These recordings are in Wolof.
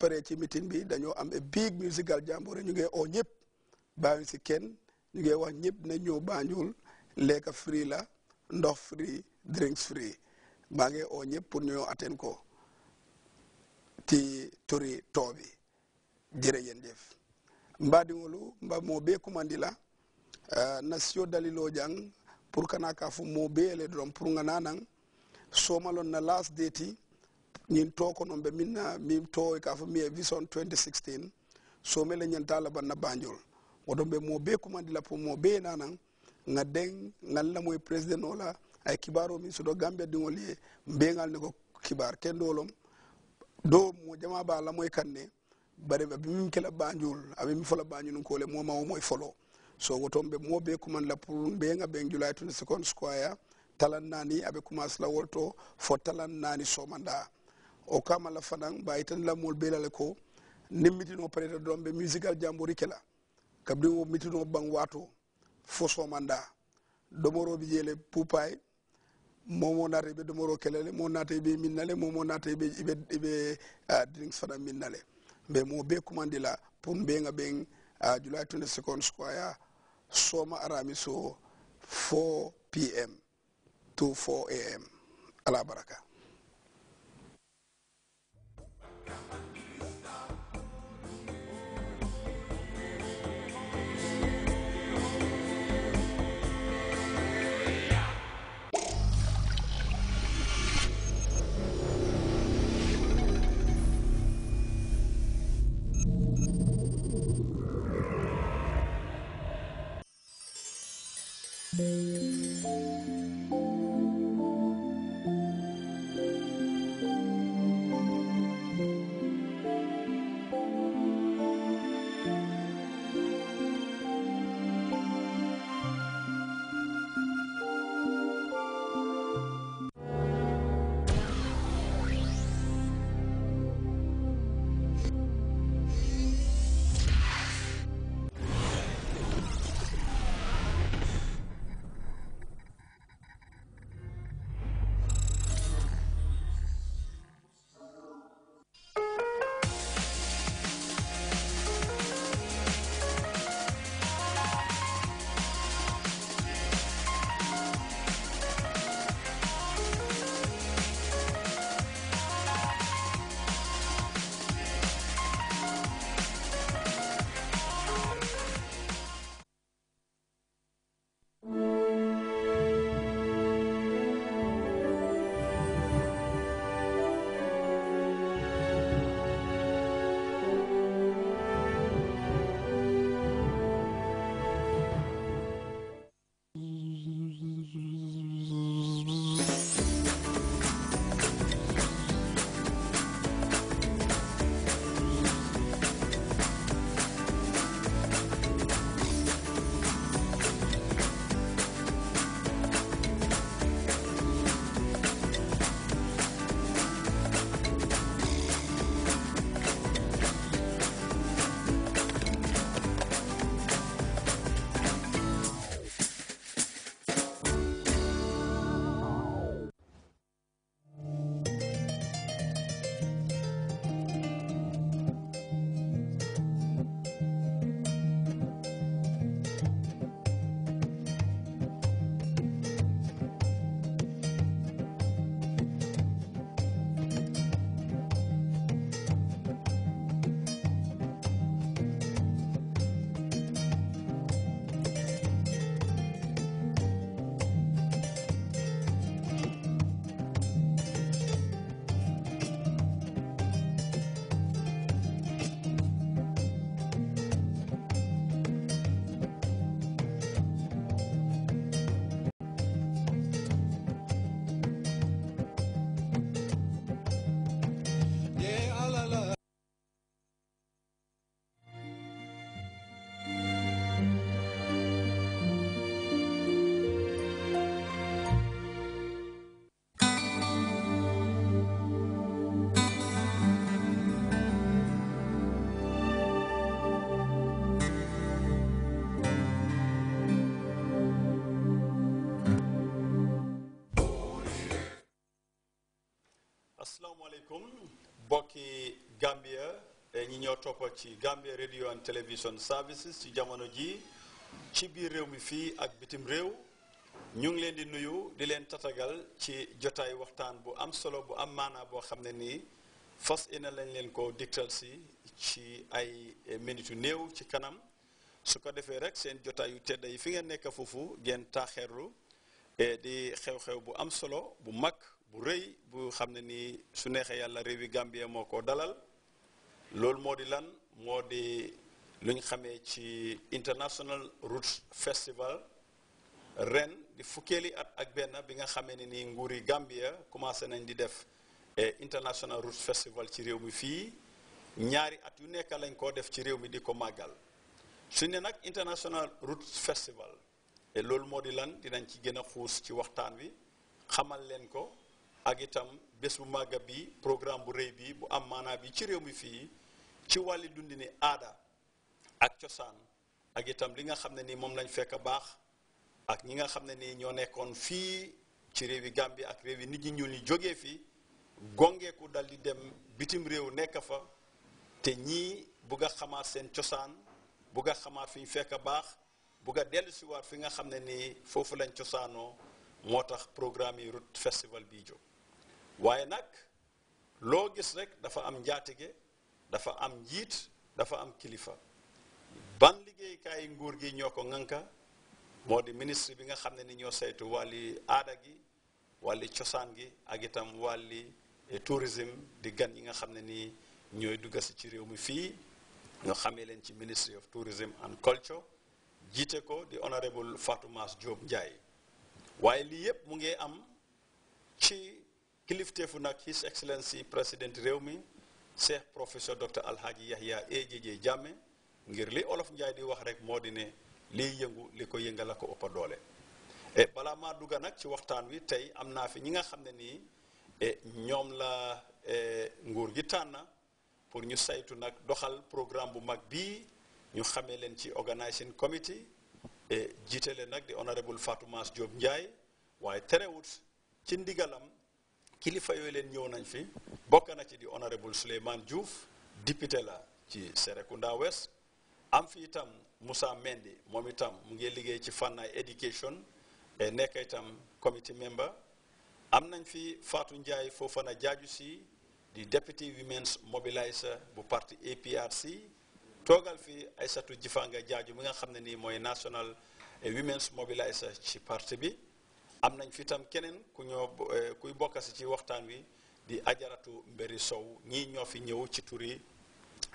paree ci meeting bi dañoo am a big musical jamboree ñu ngi oo ñëpp bàyyi si kenn ñu ngi wax ñëpp ne ñëw Banjul lekka free la ndox free drinks free maa ngi oo ñëpp pour ñu atten ko ti turi too bi jërë yéen jëf mbaadiŋolu mba moo bee kumandi la eh, na sio daliloo pour kana ka fo moo bee le doron pour nga naanaŋ soomalon na last date ñin to kono ɓe minna min to ka fo mi e vision 2016 somele ñanta laban na banjol oɗon ɓe mo be kumandi la pour mo be nanan ga den gallamoye président ola ay kibaro min soɗo gambia ɗiŋol ye mbegal ne ko kibar ken dolom do mo jama ba lamoye kanne bare ɓe min kela banjol aɓe mi fola banjol kole moma womoye folo so woton ɓe mo be kuman la pour mbega ɓen july 22 square talan nani aɓe commence lawol to fo talan nani somanda o kam allah fanan mbawi tan lammol beelale ko nimmitino peut être don ɓe musical jambori kela kabdi o mitino ban wato fo somanda domoroɓe jeele poupay momo naate ɓe domoro kelale mo naate ɓe minnale momo naate ɓeɓe drinks fana minnale mbe mo be commandila pour mbega ɓen july 2 second squaya sooma arami so 4 pm to 4 am ala baraka Música Gambia eh, ñi ñoo toppa ci Gambia Radio and Television Services ci jamono ji ci biir réew bi fii ak bitim réew ñu ngi leen di nuyu di leen tatagal ci jotaay waxtaan bu am solo bu am maana boo xam ne nii fas ina lañ leen ko diktal si ci ay eh, minutes yu néew ci kanam su ko defee rek seen jotaay yu tedda yi fi ngeen nekk foofu ngeen taaxeerlu eh, di xew-xew bu am solo bu mag bu rëy bu xam ne nii su neexee yàlla réewi Gambia moo ko dalal loolu moo di lan moo di lu ñu xamee ci International Roots Festival ren di fukkeeli at ak benn bi nga xamee ne ni nguuri Gambia commencé nañ di def eh, International Roots Festival ci réew mi fii ñaari at yu nekk lañ ko def ci réew mi di ko màggal suñ ne nag International Roots Festival eh, loolu moo di lan dinañ ci gën a xuus ci waxtaan wi xamal leen ko ak itam bés bu màgga bi programme bu rëy bi bu am maanaa bi ci réew mi fii ci wàlli dundini aada ak cosaan ak itam li nga xam ne ni moom lañ fekk baax ak ñi nga xam ne ni ñoo nekkoon fii ci réewi Gambie ak réewi nit ñi ñuul ñi jógee fii gongeeku dal di dem bitim réew nekk fa te ñi bugg xamaat seen cosaan bugg a xamaat fi ñu fekk baax bugg a dellu siwaat fi nga xam ne nii foofu lañ cosaanoo moo tax programme yi Root Festival bii jóg waaye nag loo gis rek dafa am njaatige dafa am njiit dafa am kilifa ban liggéeykaay nguur gi ñoo ko ŋànka moo di ministre bi nga xam ne ni ñoo saytu wàlli aada gi wàlli cosaan gi ak itam wàlli eh, tourisme di gan yi nga xam ne nii ñooy dugga si ci réew mi fii ñoo xamee leen ci ministry of tourism and culture jiite ko di honorable Fatou Mass njaay waaye lii yëpp mu ngi am ci kilifteefu nag his excellency président réew mi cheikh professeur docteur alhaaji yahya AJJ Jammeh ngir li olof njaay di wax rek moo di ne li yëngu li ko yëngala ko ëppa doole e balaa maa dugga nag ci waxtaan wi tey am naa fi ñi nga xam ne ni e, ñoom la e, nguur gi tànn pour ñu saytu nag doxal programme bu mag bii ñu xamee leen ci organising committee e, jiite leen nag di honorable Fatou Mass Diop Njie waaye terewut ci ndigalam kilifa yooyu leen ñëw nañ fi bokk na ci di honorable Souleymane Diouf député la ci Serekunda West am fi itam Moussa Mendy moom itam mu ngi liggéey ci fànnaay éducation nekk itam committee member am nañ fi faatu njaay Ndiaye Fofana Jaaju si di deputy women's mobiliser bu parti APRC toogal fi Aysatu Jifanga Jaaju mi nga xam ne nii mooy national women's mobiliser ci parti bi am nañ fi itam keneen ku ñoo eh, kuy bokkasi ci waxtaan wi di ajaratu Mbéri Sow ñii ñoo fi ñëw ci tur yi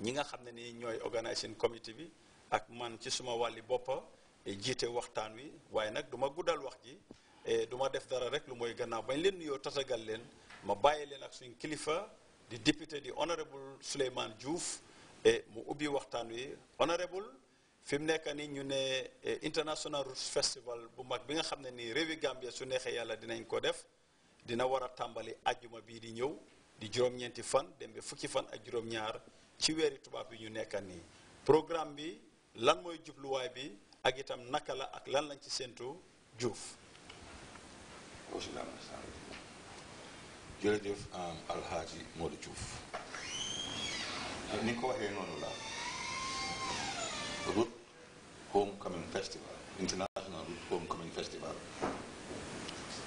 ñi nga xam ne ni ñooy organising committee bi ak man ci suma wàlli boppa eh, jiite waxtaan wi waaye nag duma guddal wax ji eh, du ma def dara rek lu mooy gannaaw bañ leen nuyoo tatagal leen ma bàyyi leen ak suñ kilifa di député di honorable Souleymane Diouf mu ubbi waxtaan wi honorable fi mu nekk ñu eh, international roots festival bu mag bi nga xam ne nii réewi Gambia su neexee yàlla dinañ ko def dina wara tambali agi ajjuma bii di ñëw di juróom-ñeenti fan dem ba fukki fan ak juróom-ñaar ci weeri tubaab yi ñu programme bi lan mooy jubluwaay bi ak itam naka ak lan lañ ci séntu juuf. jërëjëf Alhaji Modou Diouf. ni ko la. Root Homecoming Festival International Root Homecoming Festival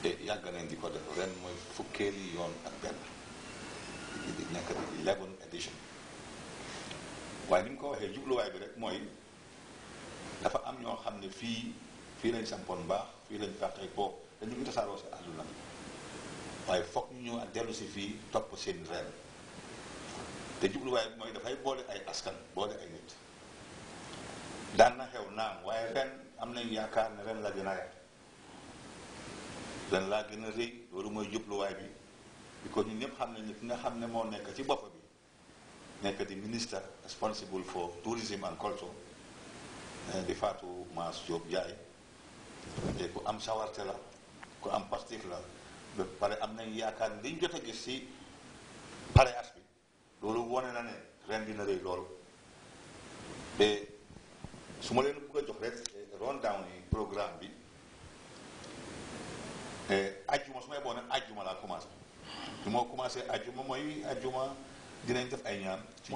te yàgg nañ di ko def ren mooy fukkeeli yoon ak benn di nekk di edition waaye ni mu ko waxee jubluwaay bi rek mooy dafa am ñoo xam ne fii fii lañ sampoon baax fii lañ fàqee ko dañu ngi tasaaroo si àdduna bi waaye foog ñu dellu si fii topp seen ren te jubluwaay bi mooy dafay boole ay askan boole ay nit daan na xew naam waaye ren am nañu yaakaar ne ren la gën a ren laa gën a rëy loolu mooy jubluwaay bi bi ko ñun ñëpp xam nañ ne ki nga xam ne moo nekk ci boppa bi nekk di minister responsible for tourism and culture eh, di faatu Mass Diop Jaay ku am sawarte la ku am pastif la pare am nañ yaakaar ne liñ jot a gis ci pare as bi loolu wone na ne ren dina rëy loolu su ma leen bëgg a jox rek eh, rundown yi programme bi eh, ajjuma su may boo nag ajjuma laa commencé bi moo commencé ajjuma mooy ajjuma dinañ def ay ñaan ci